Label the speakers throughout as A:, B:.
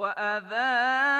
A: وأذان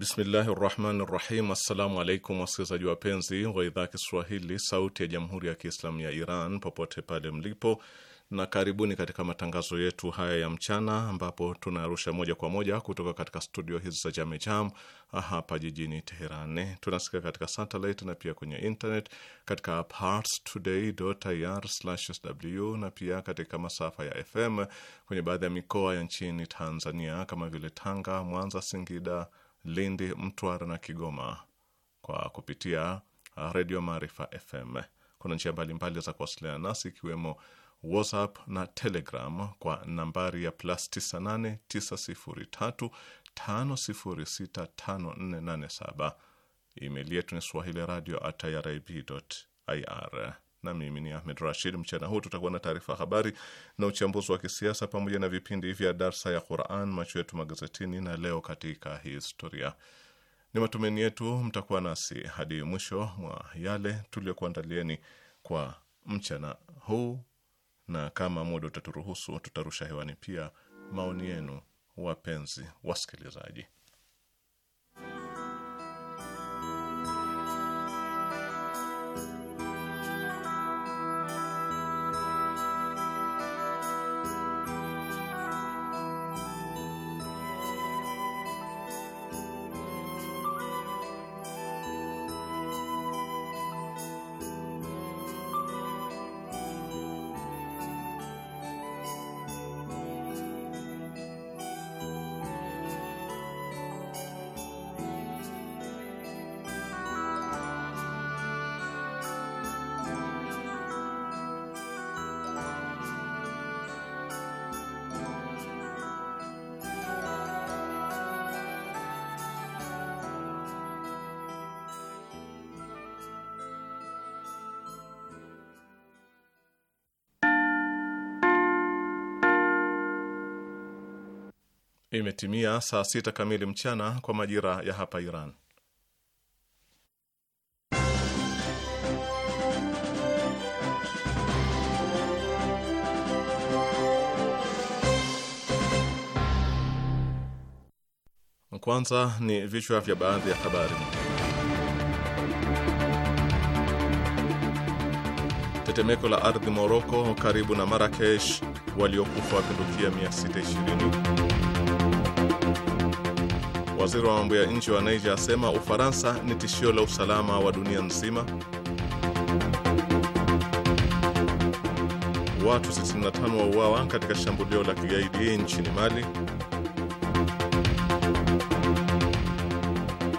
B: Bismillahi rahmani rahim. Assalamu alaikum wasikilizaji wapenzi wa idhaa Kiswahili sauti ya jamhuri ya Kiislamu ya Iran popote pale mlipo, na karibuni katika matangazo yetu haya ya mchana, ambapo tunarusha moja kwa moja kutoka katika studio hizi za Jamejam ah, hapa jijini Teheran. Tunasikia katika satellite na pia kwenye internet katika parstoday.ir/sw na pia katika masafa ya FM kwenye baadhi ya mikoa ya nchini Tanzania kama vile Tanga, Mwanza, Singida Lindi, Mtwara na Kigoma kwa kupitia uh, Redio Maarifa FM. Kuna njia mbalimbali za kuwasiliana nasi ikiwemo WhatsApp na Telegram kwa nambari ya plus 989035065487. Email yetu ni swahili radio at irib.ir na mimi ni Ahmed Rashid. Mchana huu tutakuwa na taarifa habari na uchambuzi wa kisiasa pamoja na vipindi vya darsa ya Quran, macho yetu magazetini na leo katika historia. Ni matumaini yetu mtakuwa nasi hadi mwisho mwa yale tuliyokuandalieni kwa mchana huu, na kama muda utaturuhusu, tutarusha hewani pia maoni yenu, wapenzi wasikilizaji. imetimia saa sita kamili mchana kwa majira ya hapa Iran. Kwanza ni vichwa vya baadhi ya habari. Tetemeko la ardhi Moroko karibu na Marakesh, waliokufa wapindukia 620. Waziri wa mambo ya nje wa Niger asema Ufaransa ni tishio la usalama wa dunia nzima. Watu 65 wauawa katika shambulio la kigaidi nchini Mali.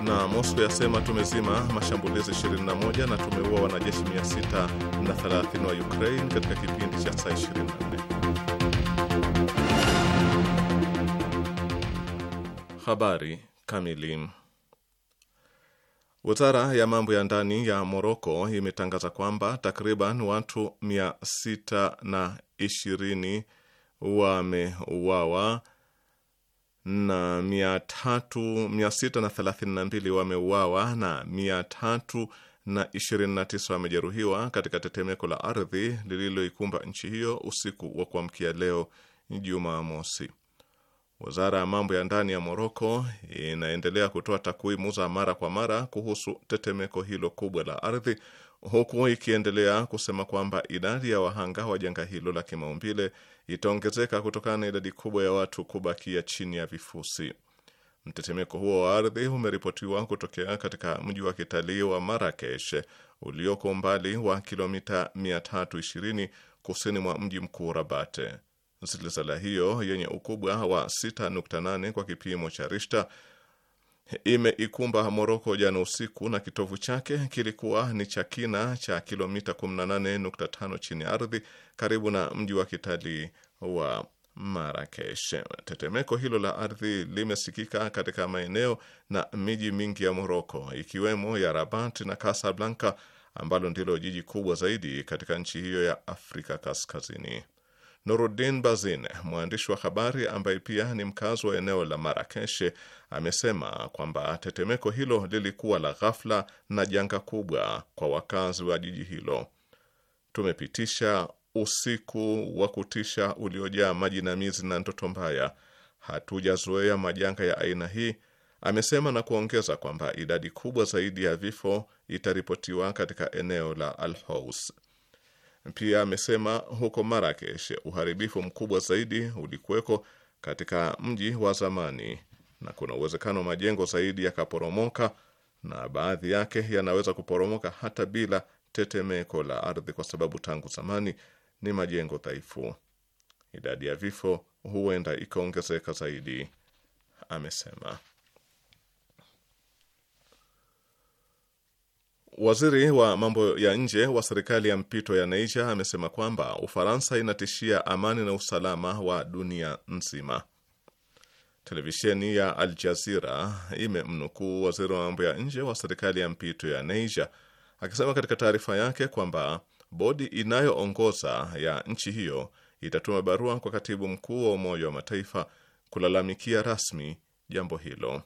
B: Na mosco yasema tumezima mashambulizi 21 na tumeua wanajeshi 630 wa Ukraine katika kipindi cha saa 24. Habari kamili. Wizara ya mambo ya ndani ya Moroko imetangaza kwamba takriban watu 620 wameuawa na 632 wameuawa na 329 wamejeruhiwa katika tetemeko la ardhi lililoikumba nchi hiyo usiku wa kuamkia leo Jumamosi. Wizara ya mambo ya ndani ya Moroko inaendelea kutoa takwimu za mara kwa mara kuhusu tetemeko hilo kubwa la ardhi, huku ikiendelea kusema kwamba idadi ya wahanga wa janga hilo la kimaumbile itaongezeka kutokana na idadi kubwa ya watu kubakia chini ya vifusi. Mtetemeko huo wa ardhi umeripotiwa kutokea katika mji wa kitalii wa Marakesh ulioko umbali wa kilomita 320 kusini mwa mji mkuu rabate Silsala hiyo yenye ukubwa wa 6.8 kwa kipimo cha rishta imeikumba Moroko jana usiku, na kitovu chake kilikuwa ni cha kina cha kilomita 18.5 chini ya ardhi karibu na mji wa kitalii wa Marakesh. Tetemeko hilo la ardhi limesikika katika maeneo na miji mingi ya Moroko ikiwemo ya Rabat na Casablanca ambalo ndilo jiji kubwa zaidi katika nchi hiyo ya Afrika Kaskazini. Nuruddin Bazin, mwandishi wa habari ambaye pia ni mkazi wa eneo la Marakesh, amesema kwamba tetemeko hilo lilikuwa la ghafla na janga kubwa kwa wakazi wa jiji hilo. Tumepitisha usiku wa kutisha uliojaa majinamizi na ndoto mbaya. Hatujazoea majanga ya aina hii, amesema na kuongeza kwamba idadi kubwa zaidi ya vifo itaripotiwa katika eneo la Al Hous. Pia amesema huko Marakesh uharibifu mkubwa zaidi ulikuweko katika mji wa zamani na kuna uwezekano majengo zaidi yakaporomoka na baadhi yake yanaweza kuporomoka hata bila tetemeko la ardhi, kwa sababu tangu zamani ni majengo dhaifu. Idadi ya vifo huenda ikaongezeka zaidi, amesema. Waziri wa mambo ya nje wa serikali ya mpito ya Niger amesema kwamba Ufaransa inatishia amani na usalama wa dunia nzima. Televisheni ya Al Jazeera imemnukuu waziri wa mambo ya nje wa serikali ya mpito ya Niger akisema katika taarifa yake kwamba bodi inayoongoza ya nchi hiyo itatuma barua kwa katibu mkuu wa Umoja wa Mataifa kulalamikia rasmi jambo hilo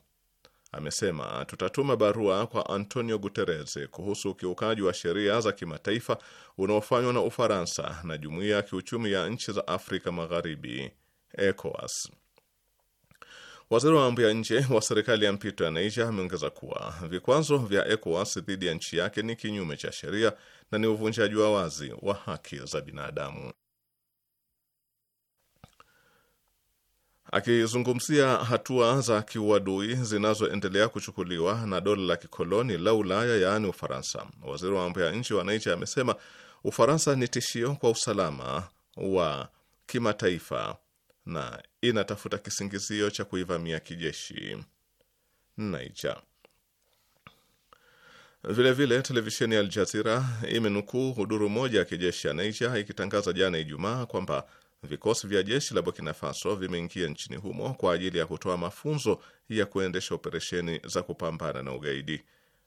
B: amesema tutatuma barua kwa Antonio Guterres kuhusu ukiukaji wa sheria za kimataifa unaofanywa na Ufaransa na Jumuiya ya Kiuchumi ya Nchi za Afrika Magharibi, ECOWAS. Waziri wa mambo ya nje wa serikali ya mpito ya Niger ameongeza kuwa vikwazo vya ECOWAS dhidi ya nchi yake ni kinyume cha sheria na ni uvunjaji wa wazi wa haki za binadamu. Akizungumzia hatua za kiuadui zinazoendelea kuchukuliwa na dola la kikoloni la Ulaya, yaani Ufaransa, waziri wa mambo ya nchi wa Niger amesema Ufaransa ni tishio kwa usalama wa kimataifa na inatafuta kisingizio cha kuivamia kijeshi Niger. Vilevile, televisheni ya Aljazira imenukuu huduru moja ya kijeshi ya Niger ikitangaza jana Ijumaa kwamba Vikosi vya jeshi la Burkina Faso vimeingia nchini humo kwa ajili ya kutoa mafunzo ya kuendesha operesheni za kupambana na ugaidi.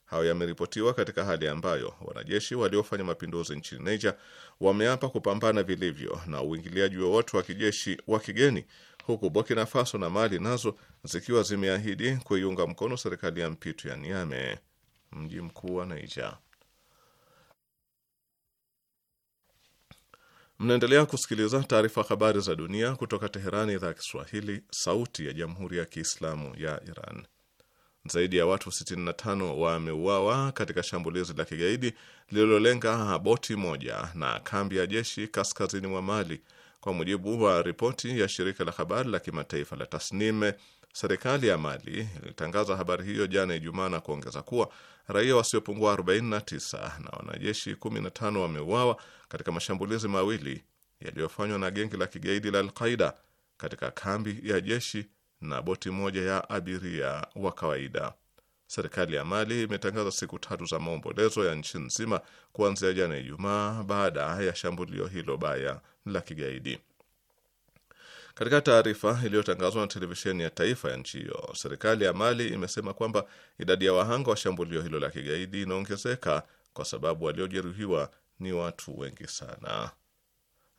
B: Hayo yameripotiwa katika hali ambayo wanajeshi waliofanya mapinduzi nchini Niger wameapa kupambana vilivyo na uingiliaji wowote wa kijeshi wa kigeni, huku Burkina Faso na Mali nazo zikiwa zimeahidi kuiunga mkono serikali ya mpito ya Niamey, mji mkuu wa Niger. Mnaendelea kusikiliza taarifa habari za dunia kutoka Teherani, idhaa ya Kiswahili, sauti ya jamhuri ya kiislamu ya Iran. Zaidi ya watu 65 wameuawa katika shambulizi la kigaidi lililolenga boti moja na kambi ya jeshi kaskazini mwa Mali, kwa mujibu wa ripoti ya shirika la habari la kimataifa la Tasnime Serikali ya Mali ilitangaza habari hiyo jana Ijumaa na kuongeza kuwa raia wasiopungua 49 na wanajeshi 15 wameuawa katika mashambulizi mawili yaliyofanywa na gengi la kigaidi la Alqaida katika kambi ya jeshi na boti moja ya abiria wa kawaida. Serikali ya Mali imetangaza siku tatu za maombolezo ya nchi nzima kuanzia jana Ijumaa baada ya shambulio hilo baya la kigaidi. Katika taarifa iliyotangazwa na televisheni ya taifa ya nchi hiyo, serikali ya Mali imesema kwamba idadi ya wahanga wa shambulio hilo la kigaidi inaongezeka kwa sababu waliojeruhiwa ni watu wengi sana.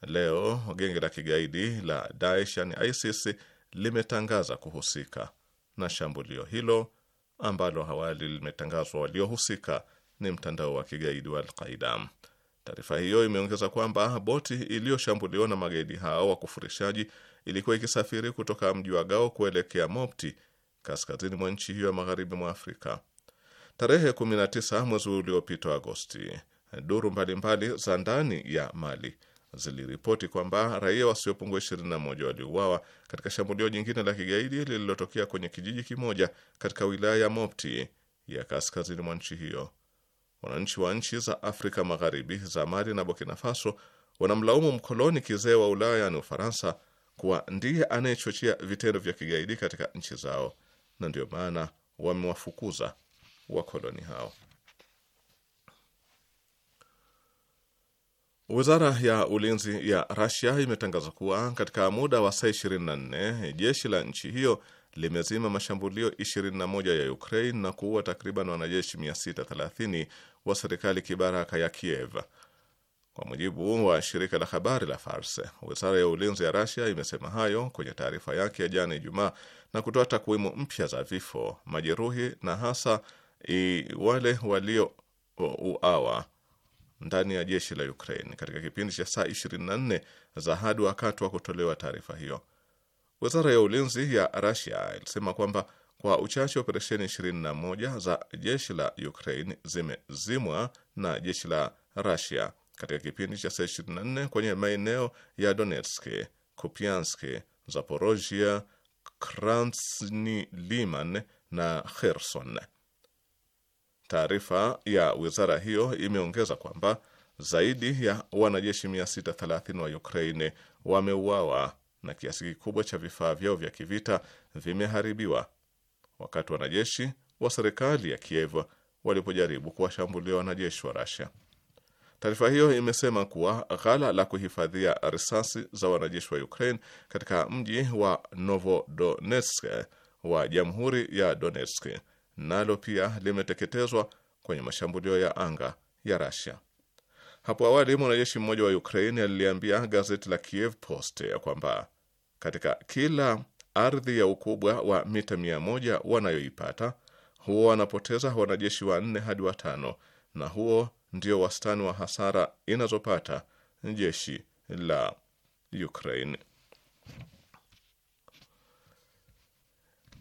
B: Leo genge la kigaidi la Daesh yani ISIS limetangaza kuhusika na shambulio hilo ambalo hawali limetangazwa waliohusika ni mtandao wa kigaidi wa Alqaida. Taarifa hiyo imeongeza kwamba boti iliyoshambuliwa na magaidi hao wakufurishaji ilikuwa ikisafiri kutoka mji wa Gao kuelekea Mopti, kaskazini mwa nchi hiyo ya magharibi mwa Afrika. Tarehe 19 mwezi uliopita Agosti, duru mbalimbali za ndani ya Mali ziliripoti kwamba raia wasiopungua 21 waliuawa katika shambulio jingine la kigaidi lililotokea kwenye kijiji kimoja katika wilaya ya Mopti ya kaskazini mwa nchi hiyo. Wananchi wa nchi za Afrika Magharibi za Mali na Burkina Faso wanamlaumu mkoloni kizee wa Ulaya yaani Ufaransa kuwa ndiye anayechochea vitendo vya kigaidi katika nchi zao, na ndio maana wamewafukuza wakoloni hao. Wizara ya ulinzi ya Rasia imetangaza kuwa katika muda wa saa 24 jeshi la nchi hiyo limezima mashambulio 21 ya Ukraine na kuua takriban wanajeshi 630 wa serikali kibaraka ya Kiev. Kwa mujibu wa shirika la habari la Fars, wizara ya ulinzi ya Rasia imesema hayo kwenye taarifa yake ya jana Ijumaa na kutoa takwimu mpya za vifo, majeruhi na hasa i, wale uawa ndani ya jeshi la Ukraine katika kipindi cha saa 24 za hadi wakati wa kutolewa taarifa hiyo. Wizara ya ulinzi ya Rasia ilisema kwamba kwa uchache operesheni 21 za jeshi la Ukraine zimezimwa na jeshi la Russia katika kipindi cha saa 24 kwenye maeneo ya Donetsk, Kupiansk, Zaporozhia, Krasny Liman na Kherson. Taarifa ya wizara hiyo imeongeza kwamba zaidi ya wanajeshi 630 wa Ukraine wameuawa na kiasi kikubwa cha vifaa vyao vya kivita vimeharibiwa wakati wanajeshi wa serikali ya Kiev walipojaribu kuwashambulia wanajeshi wa Russia. Taarifa hiyo imesema kuwa ghala la kuhifadhia risasi za wanajeshi wa Ukraine katika mji wa Novodonetsk wa Jamhuri ya Donetsk nalo pia limeteketezwa kwenye mashambulio ya anga ya Russia. Hapo awali mwanajeshi mmoja wa Ukraine aliliambia gazeti la Kiev Post ya kwamba katika kila ardhi ya ukubwa wa mita mia moja wanayoipata huo wanapoteza wanajeshi wanne hadi watano, na huo ndio wastani wa hasara inazopata jeshi la Ukraine.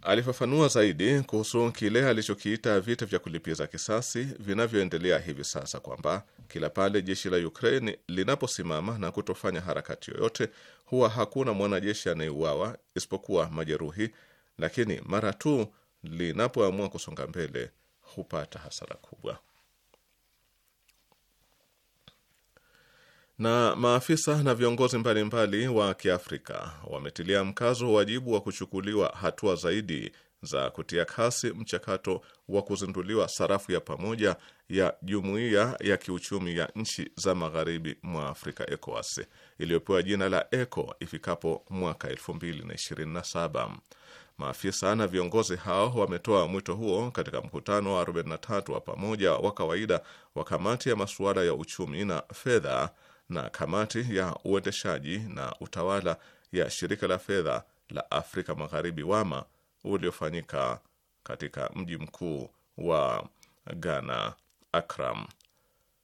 B: alifafanua zaidi kuhusu kile alichokiita vita vya kulipiza kisasi vinavyoendelea hivi sasa kwamba kila pale jeshi la Ukraine linaposimama na kutofanya harakati yoyote, huwa hakuna mwanajeshi anayeuawa isipokuwa majeruhi, lakini mara tu linapoamua kusonga mbele hupata hasara kubwa. Na maafisa na viongozi mbalimbali wa Kiafrika wametilia mkazo wajibu wa kuchukuliwa hatua zaidi za kutia kasi mchakato wa kuzinduliwa sarafu ya pamoja ya Jumuiya ya Kiuchumi ya Nchi za Magharibi mwa Afrika ECOWAS iliyopewa jina la ECO ifikapo mwaka 2027. Maafisa na viongozi hao wametoa mwito huo katika mkutano wa 43 wa pamoja wa kawaida wa kamati ya masuala ya uchumi na fedha na kamati ya uendeshaji na utawala ya shirika la fedha la Afrika Magharibi WAMA uliofanyika katika mji mkuu wa Ghana, Akram.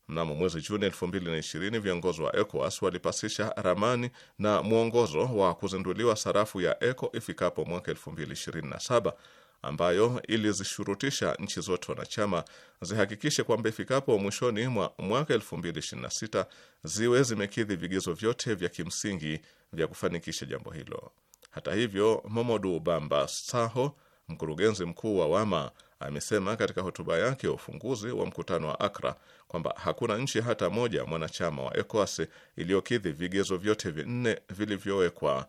B: Mnamo mwezi Juni 2020 viongozi wa ECOWAS walipasisha ramani na mwongozo wa kuzinduliwa sarafu ya ECO ifikapo mwaka 2027 ambayo ilizishurutisha nchi zote wanachama zihakikishe kwamba ifikapo mwishoni mwa mwaka 2026 ziwe zimekidhi vigezo vyote vya kimsingi vya kufanikisha jambo hilo. Hata hivyo, Momodu Bamba Saho, mkurugenzi mkuu wa Wama, amesema katika hotuba yake ya ufunguzi wa mkutano wa Akra kwamba hakuna nchi hata moja mwanachama wa ECOWAS iliyokidhi vigezo vyote vinne vilivyowekwa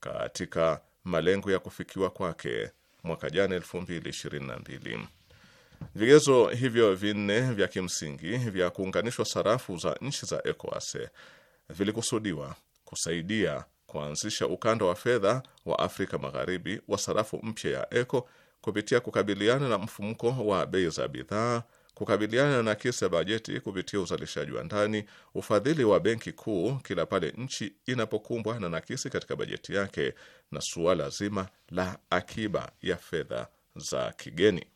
B: katika malengo ya kufikiwa kwake mwaka jana 2022. Vigezo hivyo vinne vya kimsingi vya kuunganishwa sarafu za nchi za ECOWAS vilikusudiwa kusaidia kuanzisha ukanda wa fedha wa Afrika Magharibi wa sarafu mpya ya ECO kupitia kukabiliana na mfumuko wa bei za bidhaa kukabiliana na kisa bajeti kupitia uzalishaji wa ndani, ufadhili wa benki kuu kila pale nchi inapokumbwa na nakisi katika bajeti yake, na suala zima la akiba ya fedha za kigeni.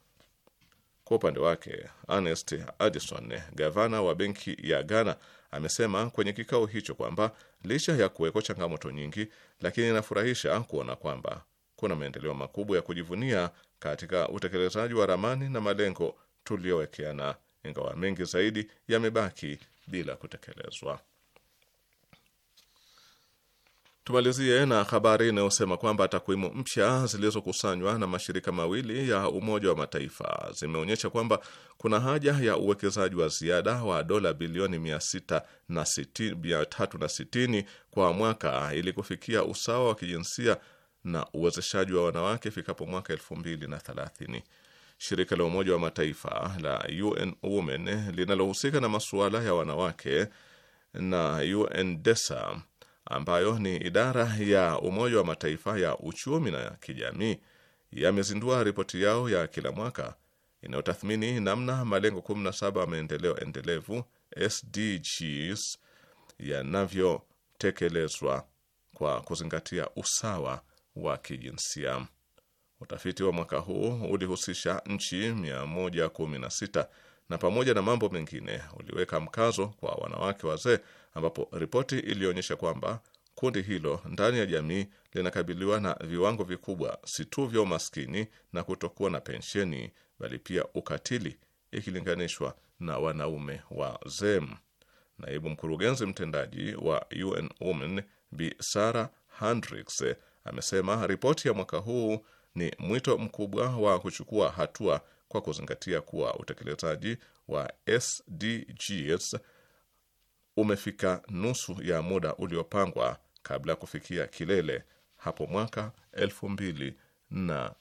B: Kwa upande wake, Ernest Addison, gavana wa benki ya Ghana, amesema kwenye kikao hicho kwamba licha ya kuwekwa changamoto nyingi, lakini inafurahisha kuona kwamba kuna maendeleo makubwa ya kujivunia katika utekelezaji wa ramani na malengo tuliowekeana, ingawa mengi zaidi yamebaki bila kutekelezwa. Tumalizie na habari inayosema kwamba takwimu mpya zilizokusanywa na mashirika mawili ya Umoja wa Mataifa zimeonyesha kwamba kuna haja ya uwekezaji wa ziada wa dola bilioni 360 kwa mwaka ili kufikia usawa wa kijinsia na uwezeshaji wa wanawake ifikapo mwaka 2030 shirika la Umoja wa Mataifa la UN Women linalohusika na masuala ya wanawake na UNDESA ambayo ni idara ya Umoja wa Mataifa ya uchumi na kijamii yamezindua ripoti yao ya kila mwaka inayotathmini namna malengo 17 ya maendeleo endelevu SDGs yanavyotekelezwa kwa kuzingatia usawa wa kijinsia. Utafiti wa mwaka huu ulihusisha nchi 116 na pamoja na mambo mengine uliweka mkazo kwa wanawake wazee, ambapo ripoti ilionyesha kwamba kundi hilo ndani ya jamii linakabiliwa na viwango vikubwa si tu vya umaskini na kutokuwa na pensheni, bali pia ukatili ikilinganishwa na wanaume wazee. Naibu mkurugenzi mtendaji wa UN Women Bi Sara Hendricks amesema ripoti ya mwaka huu ni mwito mkubwa wa kuchukua hatua kwa kuzingatia kuwa utekelezaji wa SDGs umefika nusu ya muda uliopangwa kabla ya kufikia kilele hapo mwaka elfu mbili na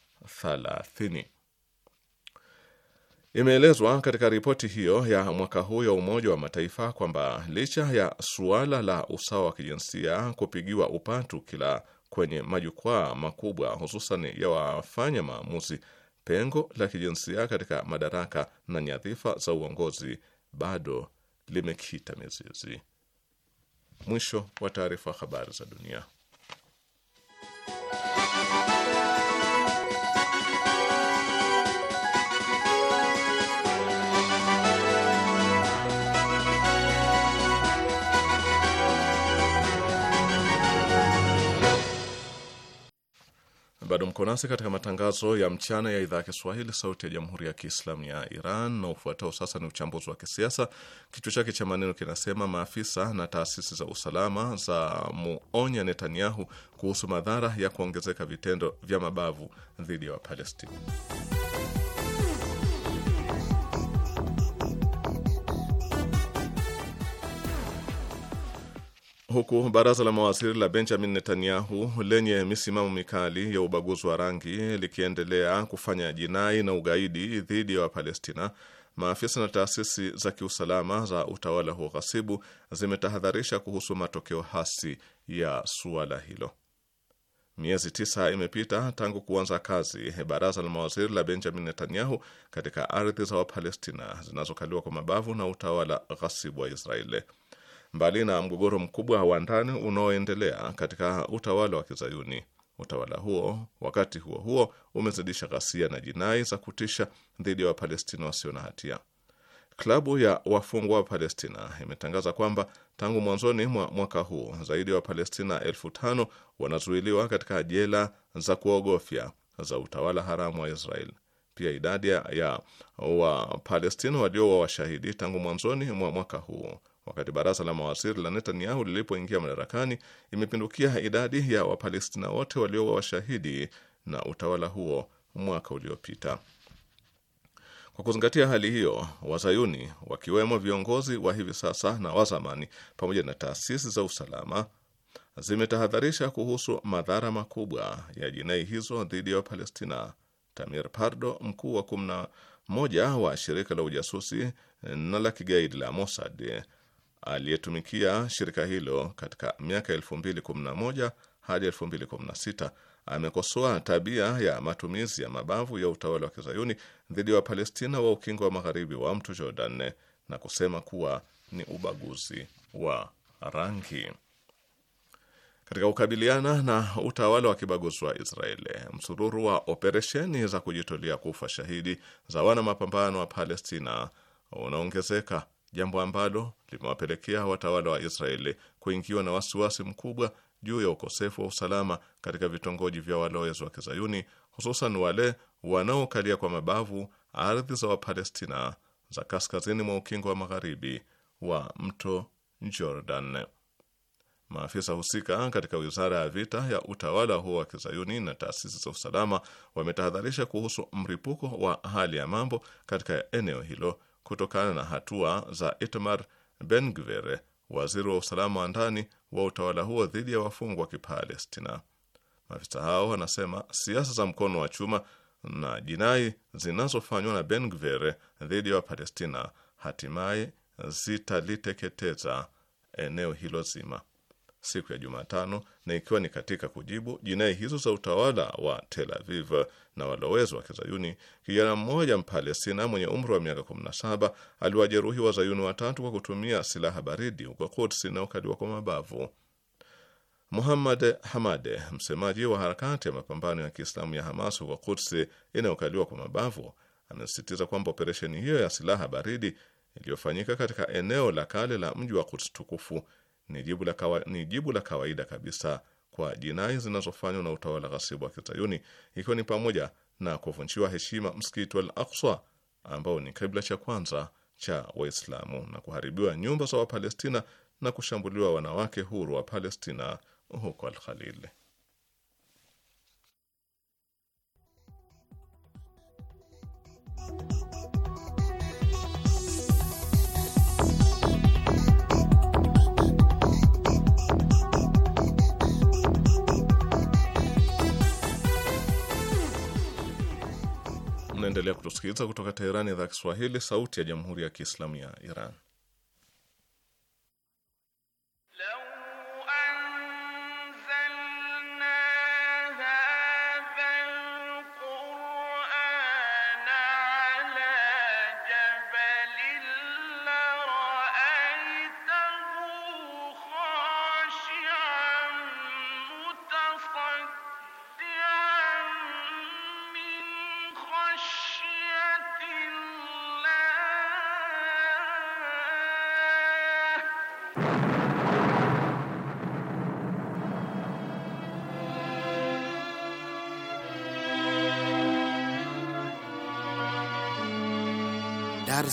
B: thalathini. Imeelezwa katika ripoti hiyo ya mwaka huu ya Umoja wa Mataifa kwamba licha ya suala la usawa wa kijinsia kupigiwa upatu kila kwenye majukwaa makubwa hususan ya wafanya maamuzi, pengo la kijinsia katika madaraka na nyadhifa za uongozi bado limekita mizizi. Mwisho wa taarifa. Habari za dunia. Bado mko nasi katika matangazo ya mchana ya idhaa ya Kiswahili, sauti ya jamhuri ya kiislamu ya Iran. Na ufuatao sasa ni uchambuzi wa kisiasa, kichwa chake cha maneno kinasema: maafisa na taasisi za usalama za muonya Netanyahu kuhusu madhara ya kuongezeka vitendo vya mabavu dhidi ya Wapalestina. huku baraza la mawaziri la Benjamin Netanyahu lenye misimamo mikali ya ubaguzi wa rangi likiendelea kufanya jinai na ugaidi dhidi ya Wapalestina, maafisa na taasisi za kiusalama za utawala huo ghasibu zimetahadharisha kuhusu matokeo hasi ya suala hilo. Miezi tisa imepita tangu kuanza kazi baraza la mawaziri la Benjamin Netanyahu katika ardhi za Wapalestina zinazokaliwa kwa mabavu na utawala ghasibu wa Israeli. Mbali na mgogoro mkubwa wa ndani unaoendelea katika utawala wa Kizayuni, utawala huo wakati huo huo umezidisha ghasia na jinai za kutisha dhidi ya Wapalestina wasio na hatia. Klabu ya wafungwa wa Palestina imetangaza kwamba tangu mwanzoni mwa mwaka huu zaidi ya wa Wapalestina elfu tano wanazuiliwa katika jela za kuogofya za utawala haramu wa Israel. Pia idadi ya Wapalestina waliowa washahidi tangu mwanzoni mwa mwaka huu Wakati baraza la mawaziri la Netanyahu lilipoingia madarakani, imepindukia idadi ya Wapalestina wote waliowa washahidi na utawala huo mwaka uliopita. Kwa kuzingatia hali hiyo, wazayuni wakiwemo viongozi wa hivi sasa na wazamani pamoja na taasisi za usalama zimetahadharisha kuhusu madhara makubwa ya jinai hizo dhidi ya Wapalestina. Tamir Pardo, mkuu wa kumi na moja wa shirika la ujasusi na la kigaidi la Mossad, aliyetumikia shirika hilo katika miaka 2011 hadi 2016 amekosoa tabia ya matumizi ya mabavu ya utawala wa kizayuni dhidi ya Wapalestina wa ukingo wa magharibi wa mto Jordan na kusema kuwa ni ubaguzi wa rangi. Katika kukabiliana na utawala wa kibaguzi wa Israeli, msururu wa operesheni za kujitolea kufa shahidi za wana mapambano wa Palestina unaongezeka jambo ambalo limewapelekea watawala wa Israeli kuingiwa na wasiwasi mkubwa juu ya ukosefu wa usalama katika vitongoji vya walowezi wa Kizayuni, hususan wale wanaokalia kwa mabavu ardhi za Wapalestina za kaskazini mwa ukingo wa magharibi wa mto Jordan. Maafisa husika katika wizara ya vita ya utawala huo wa Kizayuni na taasisi za usalama wametahadharisha kuhusu mripuko wa hali ya mambo katika eneo hilo kutokana na hatua za Itmar bengvere waziri wa usalama wa ndani wa utawala huo dhidi ya wafungwa wa Kipalestina. Maafisa hao wanasema siasa za mkono wa chuma na jinai zinazofanywa na bengvere dhidi ya Wapalestina hatimaye zitaliteketeza eneo hilo zima siku ya Jumatano na ikiwa ni katika kujibu jinai hizo za utawala wa Tel Aviv na walowezi wa Kizayuni, kijana mmoja Mpalestina mwenye umri wa miaka 17 aliwajeruhi Wazayuni watatu kwa kutumia silaha baridi huko Quds inayokaliwa kwa mabavu. Muhammad Hamade, msemaji wa harakati ya mapambano ya Kiislamu ya Hamas huko Quds inayokaliwa kwa mabavu, amesisitiza kwamba operesheni hiyo ya silaha baridi iliyofanyika katika eneo la kale la mji wa Quds tukufu ni jibu la kawaida, ni jibu la kawaida kabisa kwa jinai zinazofanywa na utawala ghasibu wa Kizayuni, ikiwa ni pamoja na kuvunjiwa heshima msikiti Al Aqsa ambao ni kibla cha kwanza cha Waislamu na kuharibiwa nyumba za Wapalestina na kushambuliwa wanawake huru wa Palestina huko Al-Khalil. kutusikiliza kutoka Teherani, idhaa Kiswahili, sauti ya jamhuri ya kiislamu ya Iran.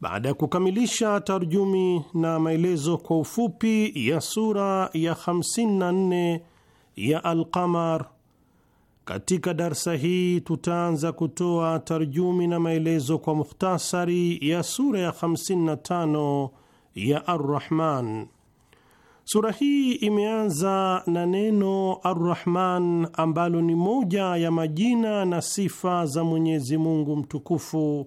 C: baada ya kukamilisha tarjumi na maelezo kwa ufupi ya sura ya 54 ya Alqamar, katika darsa hii tutaanza kutoa tarjumi na maelezo kwa mukhtasari ya sura ya 55 ya Arrahman. Sura hii imeanza na neno Arrahman ambalo ni moja ya majina na sifa za Mwenyezi Mungu mtukufu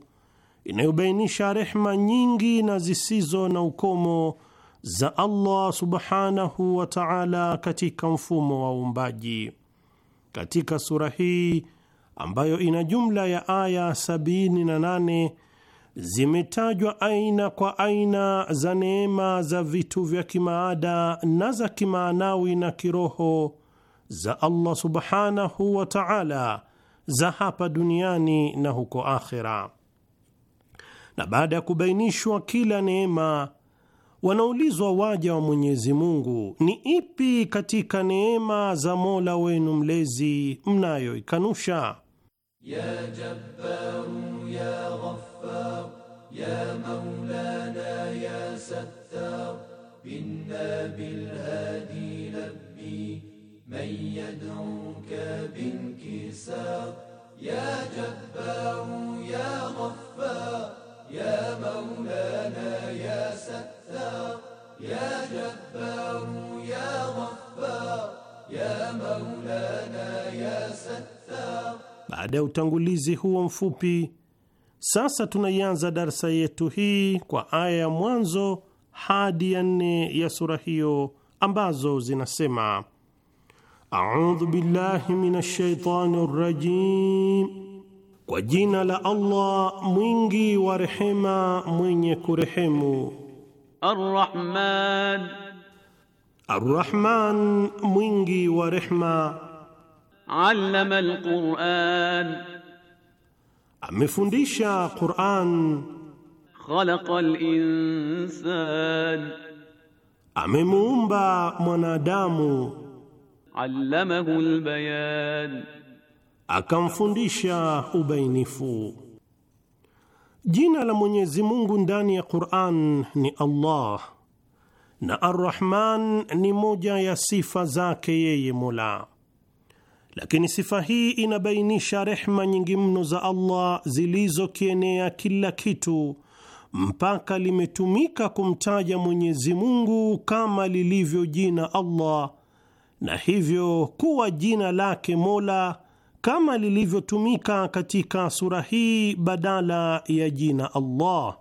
C: inayobainisha rehma nyingi na zisizo na ukomo za Allah subhanahu wa ta'ala katika mfumo wa uumbaji. Katika sura hii ambayo ina jumla ya aya 78 zimetajwa aina kwa aina za neema za vitu vya kimaada na za kimaanawi na kiroho za Allah subhanahu wa ta'ala za hapa duniani na huko akhera na baada ya kubainishwa kila neema wanaulizwa waja wa Mwenyezi Mungu, ni ipi katika neema za Mola wenu mlezi mnayoikanusha?
D: ya Jabbaru ya Ghaffar ya Maulana ya Sattar binna labbi man yad'uka binkisar ya Jabbaru ya Ghaffar يا مولانا يا ستار يا جبار يا غفار يا مولانا ya sattar.
C: Baada ya utangulizi huo mfupi, sasa tunaianza darsa yetu hii kwa aya ya mwanzo hadi ya nne ya sura hiyo ambazo zinasema: audhu billahi minash shaitani rajim Kwa jina la Allah mwingi wa rehema mwenye kurehemu. Ar-Rahman, Ar-Rahman mwingi wa rehema. Allama al-Quran, amefundisha Quran. Khalaqa al-insan, amemuumba mwanadamu.
A: Allamahu al-bayan
C: akamfundisha ubainifu. Jina la Mwenyezi Mungu ndani ya Qur'an ni Allah na Ar-Rahman ni moja ya sifa zake yeye Mola, lakini sifa hii inabainisha rehma nyingi mno za Allah zilizokienea kila kitu mpaka limetumika kumtaja Mwenyezi Mungu kama lilivyo jina Allah, na hivyo kuwa jina lake Mola kama lilivyotumika katika sura hii badala ya jina Allah.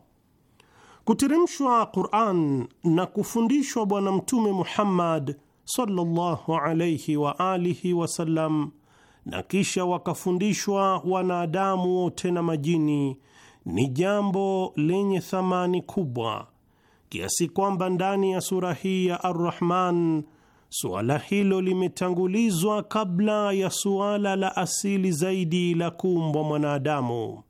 C: Kuteremshwa Quran na kufundishwa Bwana Mtume Muhammad sallallahu alayhi wa alihi wasallam, na kisha wakafundishwa wanadamu wote na majini, ni jambo lenye thamani kubwa kiasi kwamba ndani ya sura hii ya Ar-Rahman suala hilo limetangulizwa kabla ya suala la asili zaidi la kuumbwa mwanadamu.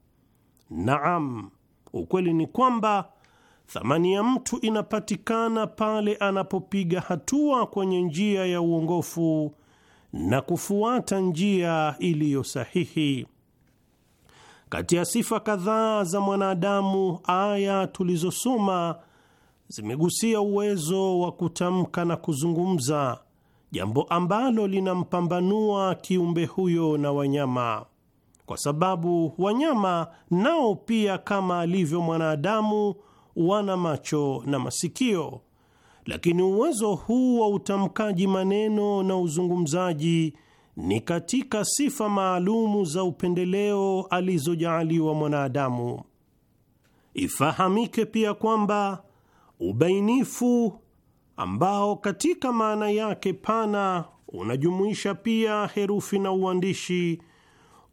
C: Naam, ukweli ni kwamba thamani ya mtu inapatikana pale anapopiga hatua kwenye njia ya uongofu na kufuata njia iliyo sahihi. Kati ya sifa kadhaa za mwanadamu, aya tulizosoma zimegusia uwezo wa kutamka na kuzungumza, jambo ambalo linampambanua kiumbe huyo na wanyama, kwa sababu wanyama nao pia kama alivyo mwanadamu wana macho na masikio, lakini uwezo huu wa utamkaji maneno na uzungumzaji ni katika sifa maalumu za upendeleo alizojaaliwa mwanadamu. Ifahamike pia kwamba ubainifu ambao katika maana yake pana unajumuisha pia herufi na uandishi,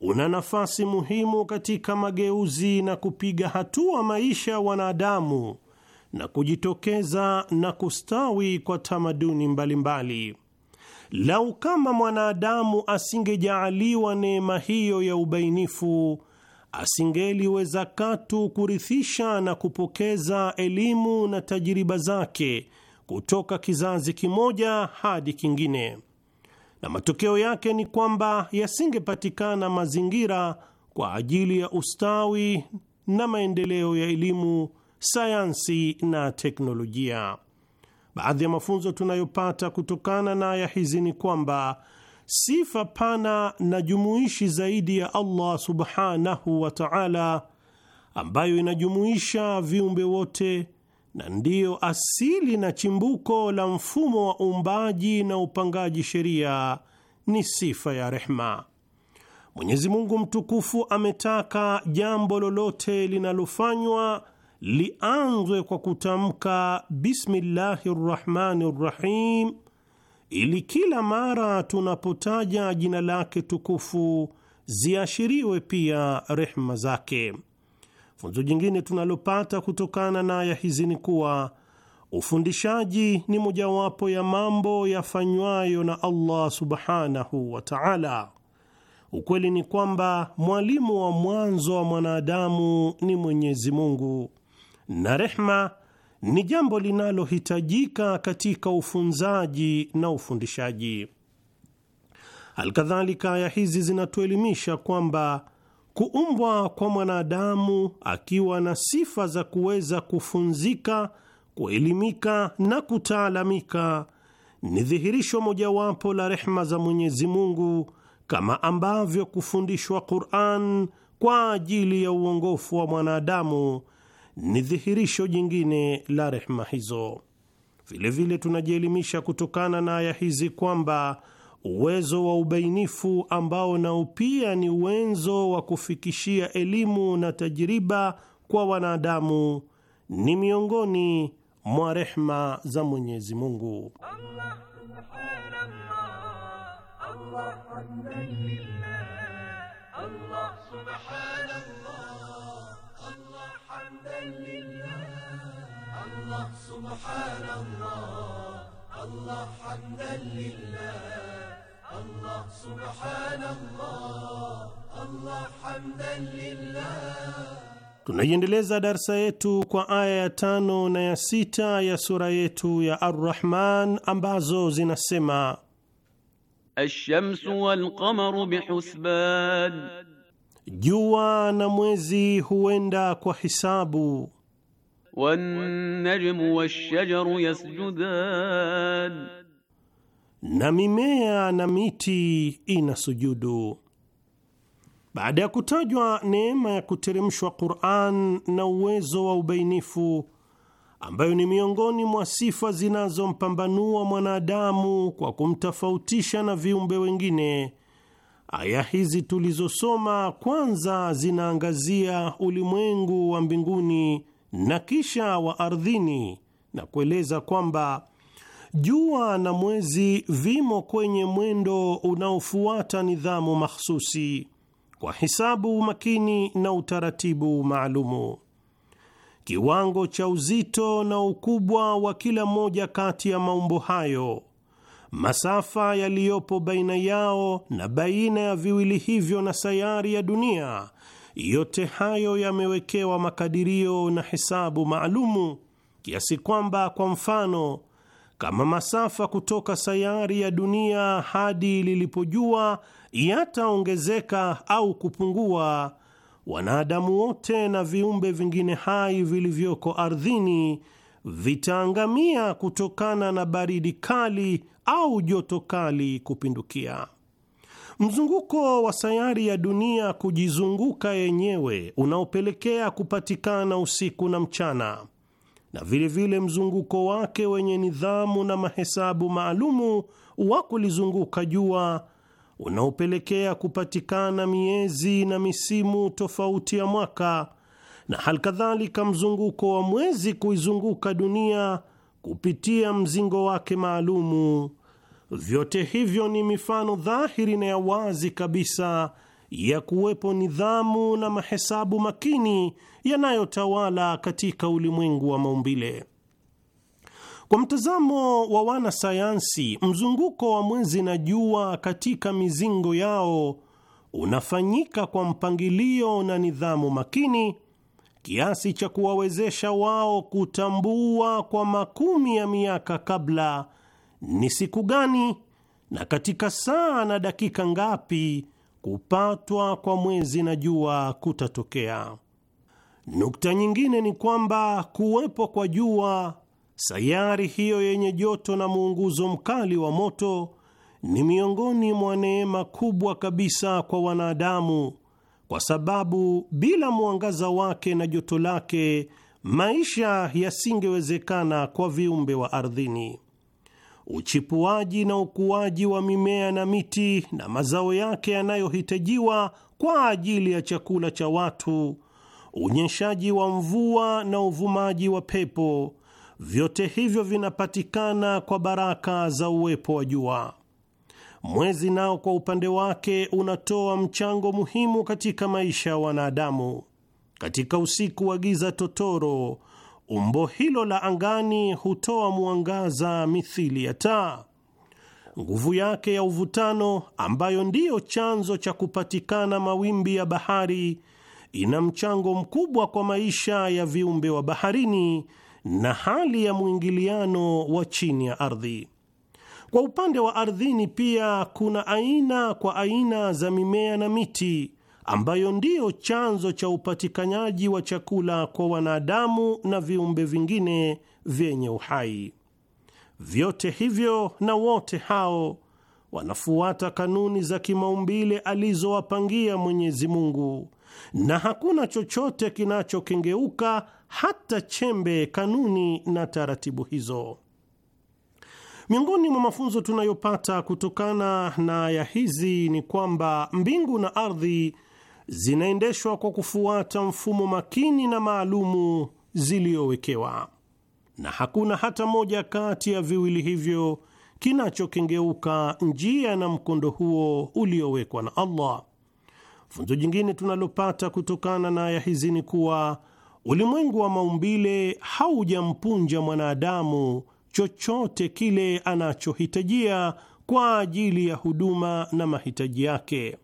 C: una nafasi muhimu katika mageuzi na kupiga hatua maisha ya wanadamu na kujitokeza na kustawi kwa tamaduni mbalimbali. Lau kama mwanadamu asingejaaliwa neema hiyo ya ubainifu asingeliweza katu kurithisha na kupokeza elimu na tajiriba zake kutoka kizazi kimoja hadi kingine, na matokeo yake ni kwamba yasingepatikana mazingira kwa ajili ya ustawi na maendeleo ya elimu, sayansi na teknolojia. Baadhi ya mafunzo tunayopata kutokana na aya hizi ni kwamba sifa pana na jumuishi zaidi ya Allah subhanahu wa ta'ala, ambayo inajumuisha viumbe wote na ndiyo asili na chimbuko la mfumo wa uumbaji na upangaji sheria, ni sifa ya rehma. Mwenyezi Mungu mtukufu ametaka jambo lolote linalofanywa lianzwe kwa kutamka bismillahi rrahmani ili kila mara tunapotaja jina lake tukufu ziashiriwe pia rehma zake. Funzo jingine tunalopata kutokana na aya hizi ni kuwa ufundishaji ni mojawapo ya mambo yafanywayo na Allah subhanahu wa ta'ala. Ukweli ni kwamba mwalimu wa mwanzo wa mwanadamu ni Mwenyezi Mungu na rehma ni jambo linalohitajika katika ufunzaji na ufundishaji. Alkadhalika, aya hizi zinatuelimisha kwamba kuumbwa kwa mwanadamu akiwa na sifa za kuweza kufunzika, kuelimika na kutaalamika ni dhihirisho mojawapo la rehma za Mwenyezi Mungu, kama ambavyo kufundishwa Qur'an kwa ajili ya uongofu wa mwanadamu ni dhihirisho jingine la rehma hizo. Vilevile tunajielimisha kutokana na aya hizi kwamba uwezo wa ubainifu ambao nao pia ni uwezo wa kufikishia elimu na tajiriba kwa wanadamu ni miongoni mwa rehma za Mwenyezi Mungu Allah,
D: لله الله سبحان الله الله حمدا لله الله سبحان الله Allah hamdan lillah.
C: Tunaiendeleza darsa yetu kwa aya ya tano na ya sita ya sura yetu ya Ar-Rahman ambazo zinasema:
A: Ash-shamsu wal-qamaru bihusban
C: jua na mwezi huenda kwa hisabu. Wan-najmu
A: wash-shajaru yasjudan,
C: na mimea na miti ina sujudu. Baada ya kutajwa neema ya kuteremshwa Qur'an na uwezo wa ubainifu ambayo ni miongoni mwa sifa zinazompambanua mwanadamu kwa kumtofautisha na viumbe wengine Aya hizi tulizosoma kwanza zinaangazia ulimwengu wa mbinguni na kisha wa ardhini na kueleza kwamba jua na mwezi vimo kwenye mwendo unaofuata nidhamu mahsusi kwa hisabu makini na utaratibu maalumu. Kiwango cha uzito na ukubwa wa kila moja kati ya maumbo hayo masafa yaliyopo baina yao na baina ya viwili hivyo na sayari ya dunia, yote hayo yamewekewa makadirio na hesabu maalumu, kiasi kwamba kwa mfano kama masafa kutoka sayari ya dunia hadi lilipojua yataongezeka au kupungua, wanadamu wote na viumbe vingine hai vilivyoko ardhini vitaangamia kutokana na baridi kali au joto kali kupindukia. Mzunguko wa sayari ya dunia kujizunguka yenyewe unaopelekea kupatikana usiku na mchana, na vilevile vile mzunguko wake wenye nidhamu na mahesabu maalumu wa kulizunguka jua unaopelekea kupatikana miezi na misimu tofauti ya mwaka, na halikadhalika mzunguko wa mwezi kuizunguka dunia kupitia mzingo wake maalumu. Vyote hivyo ni mifano dhahiri na ya wazi kabisa ya kuwepo nidhamu na mahesabu makini yanayotawala katika ulimwengu wa maumbile. Kwa mtazamo wa wanasayansi, mzunguko wa mwezi na jua katika mizingo yao unafanyika kwa mpangilio na nidhamu makini kiasi cha kuwawezesha wao kutambua kwa makumi ya miaka kabla ni siku gani na katika saa na dakika ngapi kupatwa kwa mwezi na jua kutatokea. Nukta nyingine ni kwamba kuwepo kwa jua, sayari hiyo yenye joto na muunguzo mkali wa moto, ni miongoni mwa neema kubwa kabisa kwa wanadamu kwa sababu bila mwangaza wake na joto lake maisha yasingewezekana kwa viumbe wa ardhini. Uchipuaji na ukuaji wa mimea na miti na mazao yake yanayohitajiwa kwa ajili ya chakula cha watu, unyeshaji wa mvua na uvumaji wa pepo, vyote hivyo vinapatikana kwa baraka za uwepo wa jua. Mwezi nao kwa upande wake unatoa mchango muhimu katika maisha ya wanadamu. Katika usiku wa giza totoro, umbo hilo la angani hutoa mwangaza mithili ya taa. Nguvu yake ya uvutano, ambayo ndiyo chanzo cha kupatikana mawimbi ya bahari, ina mchango mkubwa kwa maisha ya viumbe wa baharini na hali ya mwingiliano wa chini ya ardhi. Kwa upande wa ardhini pia kuna aina kwa aina za mimea na miti ambayo ndiyo chanzo cha upatikanaji wa chakula kwa wanadamu na viumbe vingine vyenye uhai. Vyote hivyo na wote hao wanafuata kanuni za kimaumbile alizowapangia Mwenyezi Mungu, na hakuna chochote kinachokengeuka hata chembe kanuni na taratibu hizo. Miongoni mwa mafunzo tunayopata kutokana na ya hizi ni kwamba mbingu na ardhi zinaendeshwa kwa kufuata mfumo makini na maalumu ziliyowekewa, na hakuna hata moja kati ya viwili hivyo kinachokengeuka njia na mkondo huo uliowekwa na Allah. Funzo jingine tunalopata kutokana na aya hizi ni kuwa ulimwengu wa maumbile haujampunja mwanadamu chochote kile anachohitajia kwa ajili ya huduma na mahitaji yake,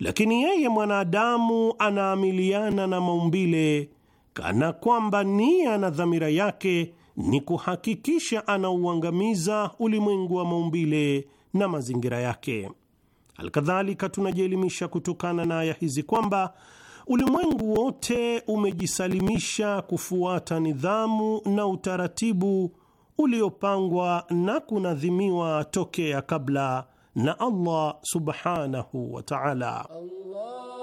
C: lakini yeye mwanadamu anaamiliana na maumbile kana kwamba nia na dhamira yake ni kuhakikisha anauangamiza ulimwengu wa maumbile na mazingira yake. Alkadhalika, tunajielimisha kutokana na aya hizi kwamba ulimwengu wote umejisalimisha kufuata nidhamu na utaratibu uliopangwa na kunadhimiwa tokea kabla na Allah subhanahu wa ta'ala. Allah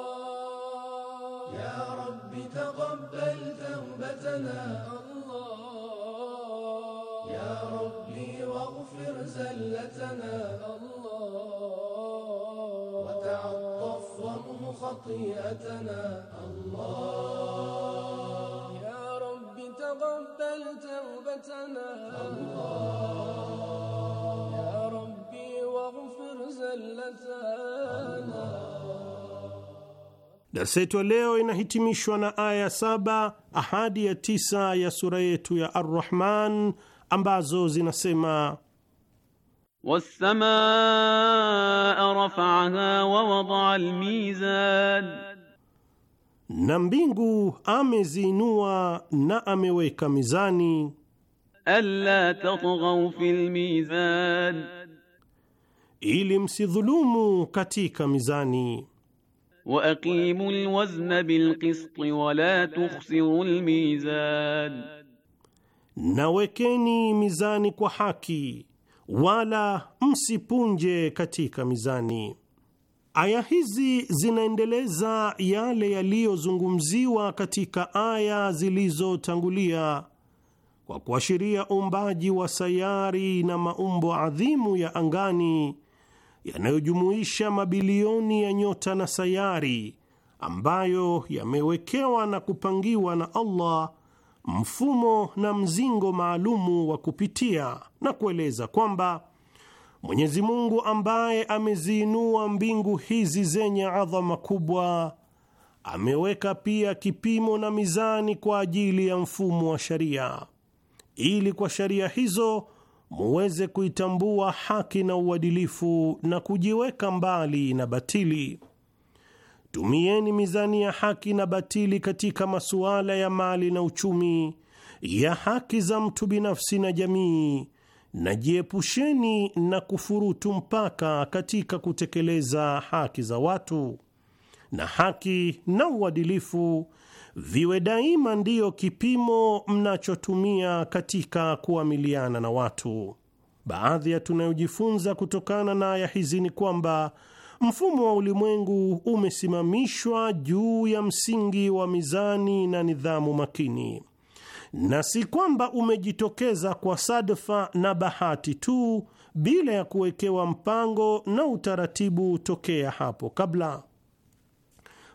D: تقبل توبتنا يا ربي
A: واغفر زلتنا
C: Darsa yetu ya leo inahitimishwa na aya saba ahadi ya tisa ya sura yetu ya Ar-Rahman ambazo zinasema wassamaa
A: rafaaha wa wadaa almizan
C: na mbingu ameziinua na ameweka mizani, alla tatghaw fil mizan, ili msidhulumu katika mizani. Wa aqimu alwazna bil qist wa la tukhsiru al mizan, nawekeni mizani kwa haki wala msipunje katika mizani. Aya hizi zinaendeleza yale yaliyozungumziwa katika aya zilizotangulia kwa kuashiria uumbaji wa sayari na maumbo adhimu ya angani yanayojumuisha mabilioni ya nyota na sayari ambayo yamewekewa na kupangiwa na Allah mfumo na mzingo maalumu wa kupitia na kueleza kwamba Mwenyezi Mungu ambaye ameziinua mbingu hizi zenye adhama kubwa, ameweka pia kipimo na mizani kwa ajili ya mfumo wa sharia, ili kwa sharia hizo muweze kuitambua haki na uadilifu na kujiweka mbali na batili. Tumieni mizani ya haki na batili katika masuala ya mali na uchumi, ya haki za mtu binafsi na jamii najiepusheni na kufurutu mpaka katika kutekeleza haki za watu, na haki na uadilifu viwe daima ndiyo kipimo mnachotumia katika kuamiliana na watu. Baadhi ya tunayojifunza kutokana na aya hizi ni kwamba mfumo wa ulimwengu umesimamishwa juu ya msingi wa mizani na nidhamu makini na si kwamba umejitokeza kwa sadfa na bahati tu bila ya kuwekewa mpango na utaratibu tokea hapo kabla.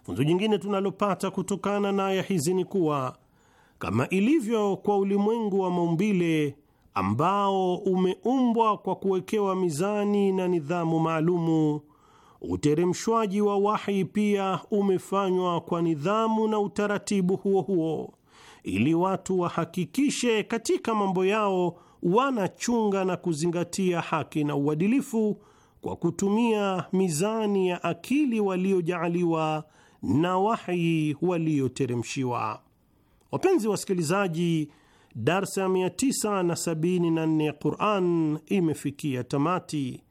C: Funzo jingine tunalopata kutokana na aya hizi ni kuwa kama ilivyo kwa ulimwengu wa maumbile ambao umeumbwa kwa kuwekewa mizani na nidhamu maalumu, uteremshwaji wa wahi pia umefanywa kwa nidhamu na utaratibu huo huo, ili watu wahakikishe katika mambo yao wanachunga na kuzingatia haki na uadilifu kwa kutumia mizani ya akili waliojaaliwa na wahyi walioteremshiwa. Wapenzi wasikilizaji, darsa ya 974 ya Quran imefikia tamati.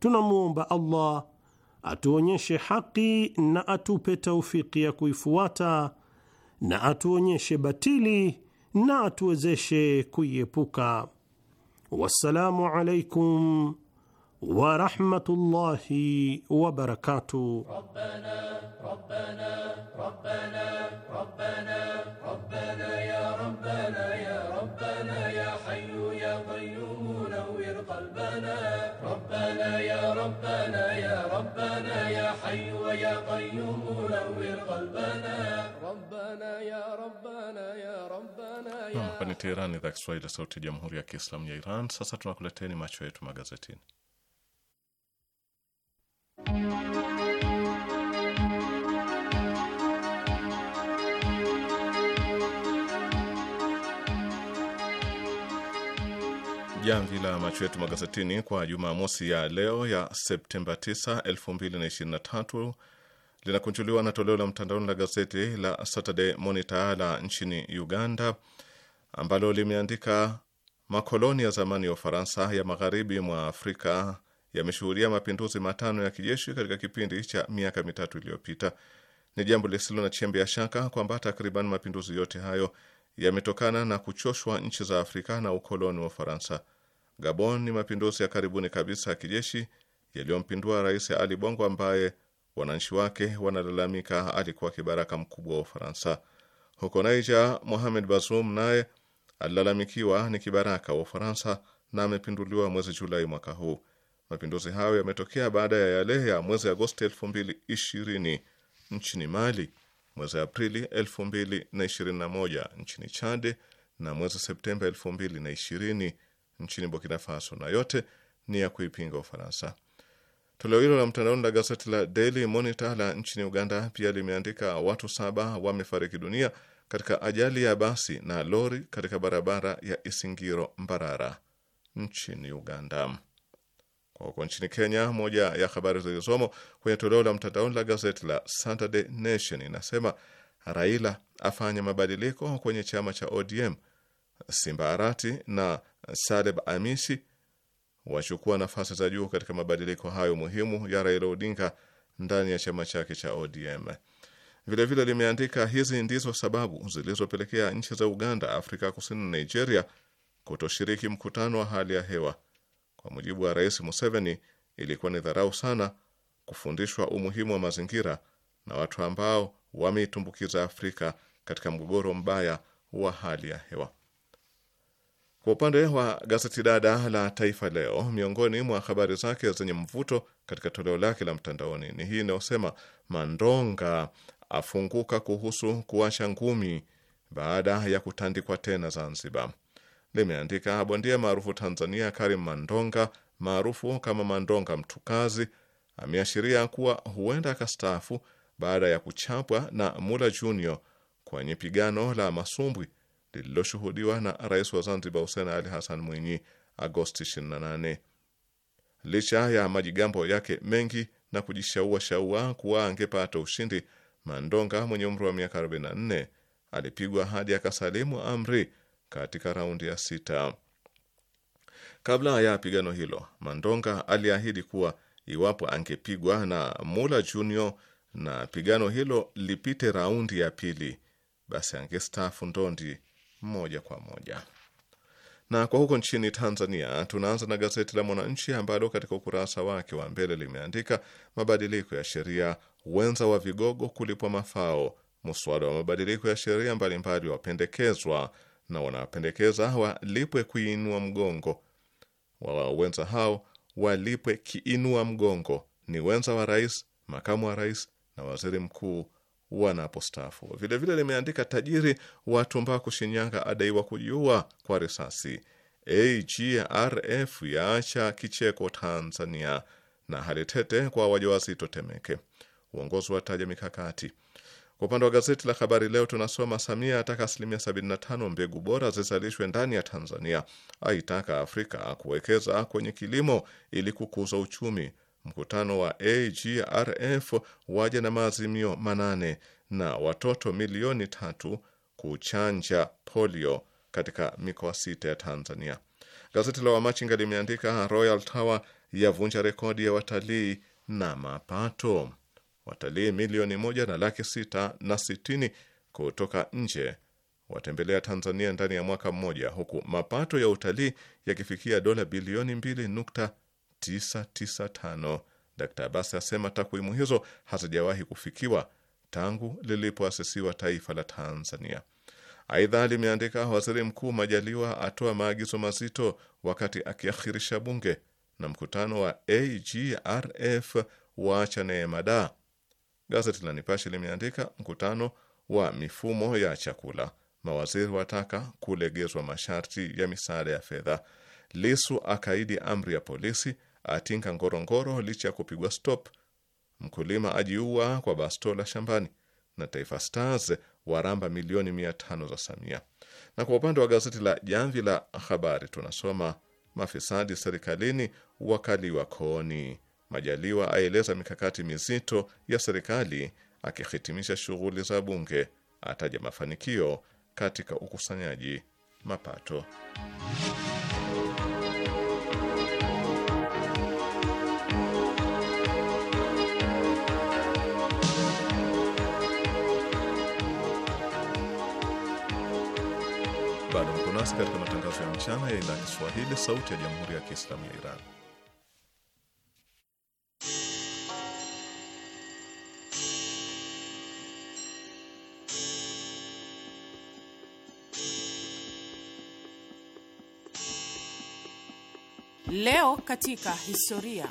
C: Tunamwomba Allah atuonyeshe haki na atupe taufiki ya kuifuata na atuonyeshe batili na atuwezeshe kuiepuka. Wassalamu alaikum ورحمة الله وبركاته ربنا ربنا ربنا ربنا ربنا يا ربنا
D: يا ربنا يا حي يا قيوم نور قلبنا ربنا يا
B: ربنا يا
D: ربنا يا حي يا قيوم نور قلبنا
B: ربنا يا ربنا يا ربنا يا hapa ni Teherani, idhaa Kiswahili, sauti ya jamhuri ya kiislamu ya Iran. Sasa tunakuleteni macho yetu magazetini. Jamvi la macho yetu magazetini kwa Jumamosi ya leo ya Septemba 9, 2023 linakunjuliwa na toleo la mtandaoni la gazeti la Saturday Monitor la nchini Uganda ambalo limeandika makoloni ya zamani ya Ufaransa ya magharibi mwa Afrika yameshuhudia mapinduzi matano ya kijeshi katika kipindi cha miaka mitatu iliyopita. Ni jambo lisilo na chembe ya shaka kwamba takriban mapinduzi yote hayo yametokana na kuchoshwa nchi za Afrika na ukoloni wa Ufaransa. Gabon ni mapinduzi ya karibuni kabisa ya kijeshi yaliyompindua Rais Ali Bongo ambaye wananchi wake wanalalamika alikuwa kibaraka mkubwa wa Ufaransa. Huko Naija, Mohamed Bazoum naye alilalamikiwa ni kibaraka wa Ufaransa na amepinduliwa mwezi Julai mwaka huu. Mapinduzi hayo yametokea baada ya yale ya mwezi Agosti 2020 nchini Mali, mwezi Aprili 221 nchini Chad na mwezi Septemba 2020 nchini Burkina Faso, na yote ni ya kuipinga Ufaransa. Toleo hilo la mtandaoni la gazeti la Daily Monitor la nchini Uganda pia limeandika watu saba wamefariki dunia katika ajali ya basi na lori katika barabara ya Isingiro Mbarara nchini Uganda. Huko nchini Kenya, moja ya habari zilizomo kwenye toleo la mtandaoni la gazeti la Saturday Nation inasema Raila afanya mabadiliko kwenye chama cha ODM. Simba Arati na Saleb Amisi wachukua nafasi za juu katika mabadiliko hayo muhimu ya Raila Odinga ndani ya chama chake cha ODM. Vilevile vile limeandika hizi ndizo sababu zilizopelekea nchi za Uganda, Afrika Kusini na Nigeria kutoshiriki mkutano wa hali ya hewa kwa mujibu wa Rais Museveni, ilikuwa ni dharau sana kufundishwa umuhimu wa mazingira na watu ambao wameitumbukiza Afrika katika mgogoro mbaya wa hali ya hewa. Kwa upande wa gazeti dada la Taifa Leo, miongoni mwa habari zake zenye mvuto katika toleo lake la mtandaoni ni hii inayosema Mandonga afunguka kuhusu kuacha ngumi baada ya kutandikwa tena Zanzibar limeandika bondia maarufu Tanzania Karim Mandonga maarufu kama Mandonga Mtukazi ameashiria kuwa huenda akastaafu baada ya kuchapwa na Mula Junior kwenye pigano la masumbwi lililoshuhudiwa na rais wa Zanzibar Hussein Ali Hassan Mwinyi Agosti 28. Licha ya majigambo yake mengi na kujishaua shaua kuwa angepata ushindi, Mandonga mwenye umri wa miaka 44 alipigwa hadi akasalimu amri katika raundi ya sita. Kabla ya pigano hilo, Mandonga aliahidi kuwa iwapo angepigwa na Mula Junior na pigano hilo lipite raundi ya pili, basi angestaafu ndondi moja kwa moja. Na kwa huko nchini Tanzania, tunaanza na gazeti la Mwananchi ambalo katika ukurasa wake wa mbele limeandika mabadiliko ya sheria, wenza wa vigogo kulipwa mafao, muswada wa mabadiliko ya sheria mbalimbali wapendekezwa na wanapendekeza walipwe kuinua mgongo. Wa wenza hao walipwe kiinua mgongo ni wenza wa rais, makamu wa rais na waziri mkuu wanapostaafu. Vilevile limeandika tajiri wa tumbaku Shinyanga adaiwa kujiua kwa risasi. AGRF yaacha kicheko Tanzania, na hali tete kwa wajawazito Temeke. Uongozi wataja mikakati kwa upande wa gazeti la Habari Leo tunasoma Samia ataka asilimia 75 mbegu bora zizalishwe ndani ya Tanzania, aitaka Afrika kuwekeza kwenye kilimo ili kukuza uchumi. Mkutano wa AGRF waje na maazimio manane na watoto milioni tatu kuchanja polio katika mikoa sita ya Tanzania. Gazeti la Wamachinga limeandika Royal Tower yavunja rekodi ya watalii na mapato watalii milioni moja na laki sita na sitini kutoka nje watembelea Tanzania ndani ya mwaka mmoja, huku mapato ya utalii yakifikia dola bilioni 2.995. Dkt. Abasi asema takwimu hizo hazijawahi kufikiwa tangu lilipoasisiwa taifa la Tanzania. Aidha, limeandika waziri mkuu Majaliwa atoa maagizo mazito wakati akiakhirisha bunge na mkutano wa AGRF waacha neema daa Gazeti la Nipashe limeandika mkutano wa mifumo ya chakula, mawaziri wataka kulegezwa masharti ya misaada ya fedha, Lisu akaidi amri ya polisi, atinga Ngorongoro licha ya kupigwa stop, mkulima ajiua kwa bastola shambani, na Taifa Stars waramba milioni mia tano za Samia. Na kwa upande wa gazeti la Jamvi la Habari tunasoma mafisadi serikalini wakaliwa kooni. Majaliwa aeleza mikakati mizito ya serikali, akihitimisha shughuli za bunge, ataja mafanikio katika ukusanyaji mapato. Bado mko nasi katika matangazo ya mchana ya idhaa ya Kiswahili, sauti ya jamhuri ya kiislamu ya Iran.
A: Leo katika historia.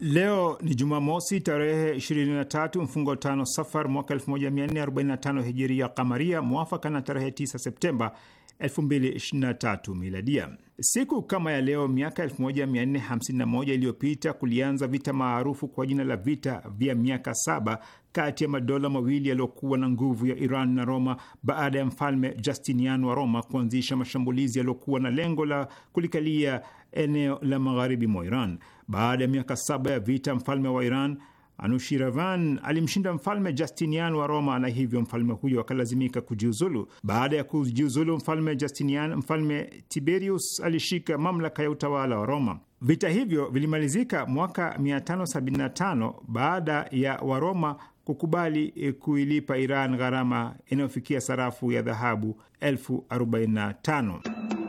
E: Leo ni Jumamosi tarehe 23 mfungo tano Safar mwaka 1445 hijiria kamaria, mwafaka na tarehe 9 Septemba 2023 miladia. Siku kama ya leo miaka 1451 iliyopita kulianza vita maarufu kwa jina la vita vya miaka saba kati ya madola mawili yaliyokuwa na nguvu ya Iran na Roma baada ya mfalme Justinian wa Roma kuanzisha mashambulizi yaliyokuwa na lengo la kulikalia eneo la magharibi mwa Iran. Baada ya miaka saba ya vita, mfalme wa Iran Anushiravan alimshinda mfalme Justinian wa Roma na hivyo mfalme huyo akalazimika kujiuzulu. Baada ya kujiuzulu mfalme Justinian, mfalme Tiberius alishika mamlaka ya utawala wa Roma. Vita hivyo vilimalizika mwaka 575 baada ya Waroma kukubali eh, kuilipa Iran gharama inayofikia sarafu ya dhahabu elfu 45.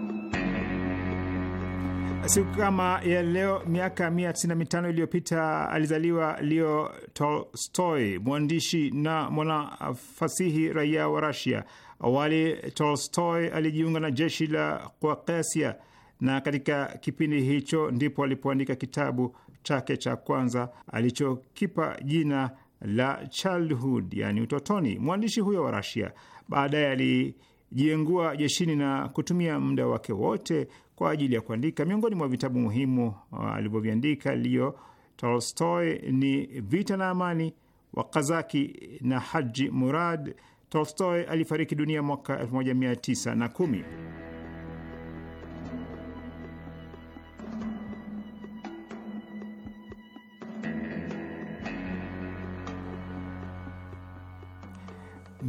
E: Siku kama ya leo miaka 195 iliyopita alizaliwa Leo Tolstoy, mwandishi na mwanafasihi raia wa Rasia. Awali Tolstoy alijiunga na jeshi la Kaukasia, na katika kipindi hicho ndipo alipoandika kitabu chake cha kwanza alichokipa jina la Childhood, yani utotoni. Mwandishi huyo wa Rasia baadaye alijiengua jeshini na kutumia muda wake wote kwa ajili ya kuandika. Miongoni mwa vitabu muhimu uh, alivyoviandika Leo Tolstoy ni Vita na Amani, Wakazaki na Haji Murad. Tolstoy alifariki dunia mwaka 1910.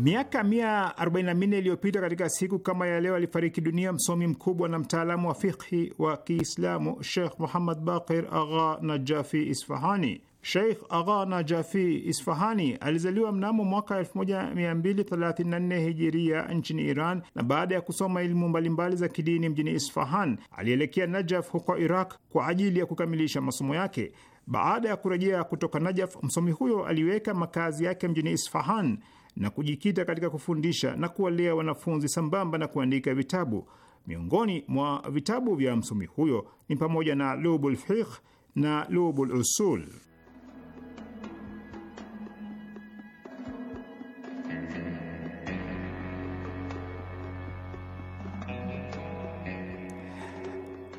E: Miaka 144 iliyopita katika siku kama ya leo alifariki dunia msomi mkubwa na mtaalamu wa fikhi wa Kiislamu Sheikh Muhammad Baqir Agha Najafi Isfahani. Sheikh Agha Najafi Isfahani alizaliwa mnamo mwaka 1234 hijiria nchini Iran, na baada ya kusoma elimu mbalimbali za kidini mjini Isfahan alielekea Najaf huko Iraq kwa ajili ya kukamilisha masomo yake. Baada ya kurejea kutoka Najaf, msomi huyo aliweka makazi yake mjini Isfahan na kujikita katika kufundisha na kuwalea wanafunzi sambamba na kuandika vitabu. Miongoni mwa vitabu vya msomi huyo ni pamoja na Lubul Fiqh na Lubul Usul.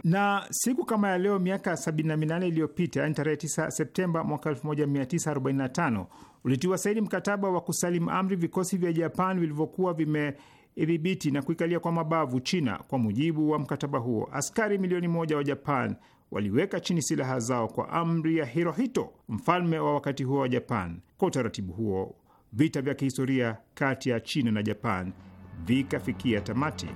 E: na siku kama ya leo miaka 78 iliyopita, yani tarehe 9 Septemba mwaka 1945, ulitiwa saini mkataba wa kusalimu amri vikosi vya Japan vilivyokuwa vimedhibiti e, na kuikalia kwa mabavu China. Kwa mujibu wa mkataba huo, askari milioni moja wa Japan waliweka chini silaha zao kwa amri ya Hirohito, mfalme wa wakati huo wa Japan. Kwa utaratibu huo, vita vya kihistoria kati ya China na Japan vikafikia tamati.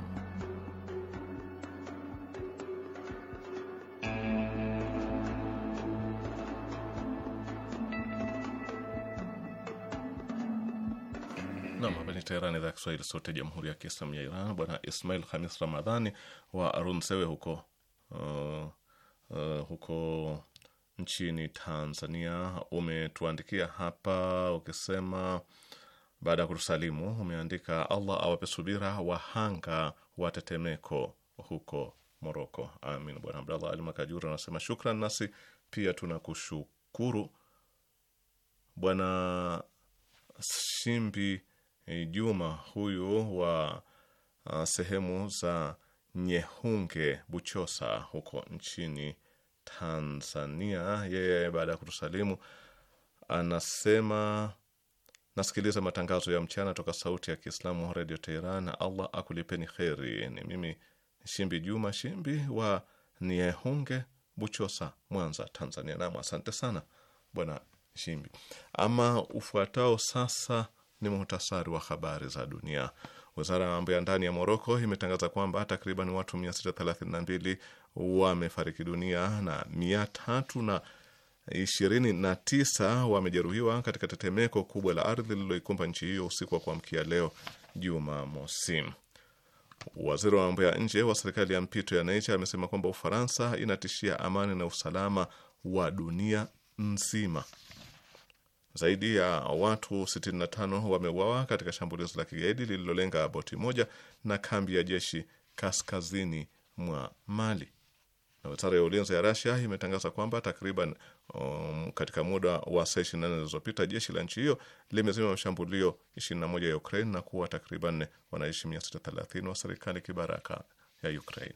B: ni Teherani, idhaa ya Kiswahili, sote jamhuri ya kiislamu ya Iran. Bwana Ismail Hamis Ramadhani wa Runsewe huko uh, uh, huko nchini Tanzania umetuandikia hapa ukisema, baada ya kutusalimu umeandika, Allah awape subira wahanga wa tetemeko huko Moroko. Amin. Bwana Abdallah Ali makajuri anasema shukran, nasi pia tunakushukuru. Bwana Shimbi Juma huyu wa ah, sehemu za Nyehunge, Buchosa huko nchini Tanzania. Yeye baada ya kutusalimu anasema nasikiliza matangazo ya mchana toka Sauti ya Kiislamu Redio Teheran. Allah akulipeni kheri. Ni mimi Shimbi Juma Shimbi wa Nyehunge, Buchosa, Mwanza, Tanzania. Nam, asante sana bwana Shimbi. Ama ufuatao sasa ni muhtasari wa habari za dunia. Wizara ya mambo ya ndani ya Moroko imetangaza kwamba takriban watu 632 wamefariki dunia na 329 wamejeruhiwa katika tetemeko kubwa la ardhi lililoikumba nchi hiyo usiku wa kuamkia leo Jumamosi. Waziri wa mambo ya nje wa serikali ya mpito ya Niger amesema kwamba Ufaransa inatishia amani na usalama wa dunia nzima. Zaidi ya watu 65 wameuawa katika shambulizi la kigaidi lililolenga boti moja na kambi ya jeshi kaskazini mwa Mali. Na wizara ya ulinzi ya Rasia imetangaza kwamba takriban um, katika muda wa saa 24 zilizopita jeshi la nchi hiyo limezima mashambulio 21 ya Ukraine na kuwa takriban wanaishi 630 wa serikali kibaraka ya Ukraine.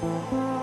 D: Thank you.